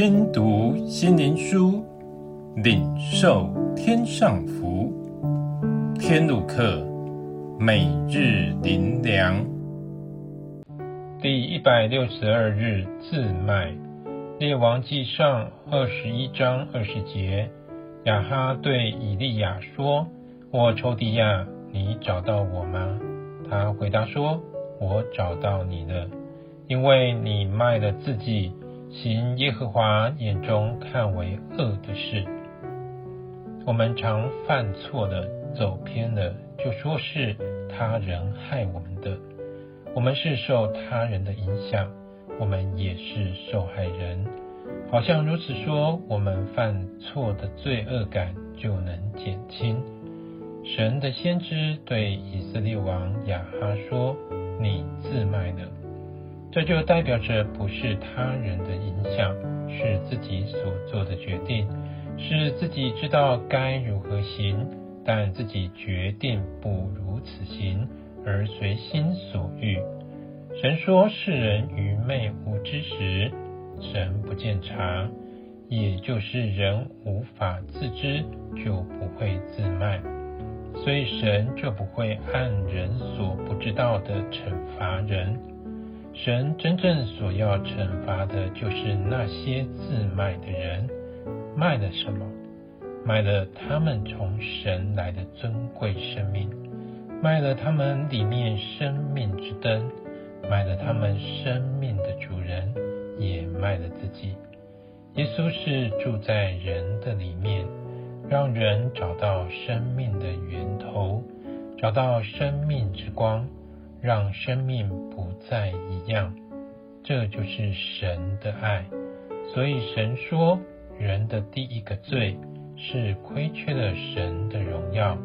聽讀心靈書，領受天上福。天路客，每日靈糧。第一百六十二日自賣，列王紀上二十一章二十節，亞哈對以利亞說：“我仇敵阿，你找到我嗎？”他回答說：“我找到你了，因為你賣了自己。”行耶和華眼中看為惡的事，我們常犯錯的、走偏了，就說是他人害我們的。我們是受他人的影響，我們也是受害人。好像如此說，我們犯錯的罪惡感就能減輕。神的先知對以色列王亞哈說：“你自賣了。”這就代表着不是他人的影響，是自己所作的決定，是自己知道該如何行，但自己決定不如此行，而隨心所欲。神說世人愚昧無知時，神不鑒察，也就是人無法自知，就不會自賣，所以神就不會按人所不知道的懲罰人。神真正所要懲罰的，就是那些自賣的人，賣了什麼？賣了他們從神來的尊貴生命，賣了他們裡面生命之燈，賣了他們生命的主人，也賣了自己。耶穌是住在人的裡面，讓人找到生命的源頭，找到生命之光。讓生命不再一樣，這就是神的愛。所以神說，人的第一個罪是虧缺了神的榮耀，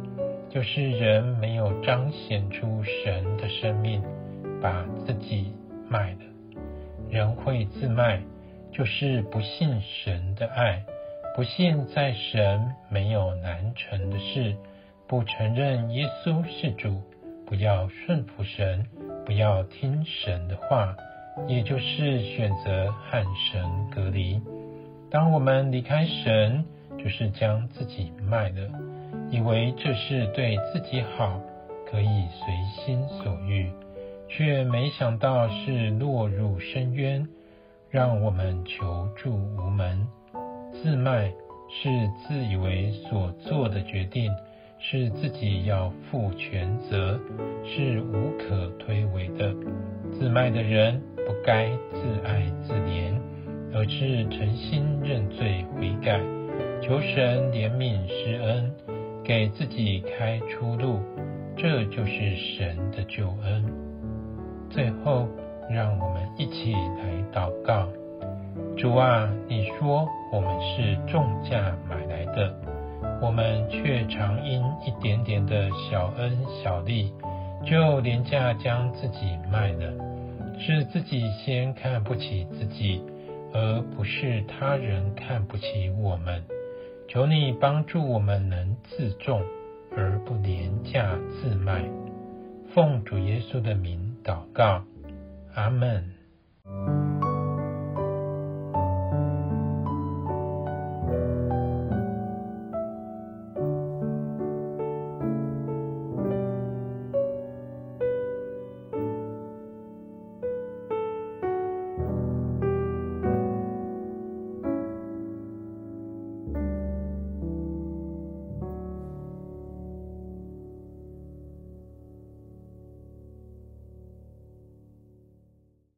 就是人沒有彰顯出神的生命，把自己賣了。人會自賣，就是不信神的愛，不信在神沒有難成的事，不承認耶穌是主。不要順服神，不要聽神的話，也就是選擇和神隔離。當我們離開神，就是將自己賣了，以為這是對自己好，可以隨心所欲，卻沒想到是落入深淵，讓我們求助無門。自賣，是自以為所做的決定。是自己要負全責，是無可推諉的。自賣的人，不該自愛自憐，而是誠心認罪悔改，求神憐憫施恩，給自己開出路。這就是神的救恩。最後，讓我們一起來禱告：主啊，你說我們是重價買來的。我們卻常因一點點的小恩小利，就廉價將自己賣了。是自己先看不起自己，而不是他人看不起我們。求你幫助我們能自重，而不廉價自賣。奉主耶穌的名禱告，阿們。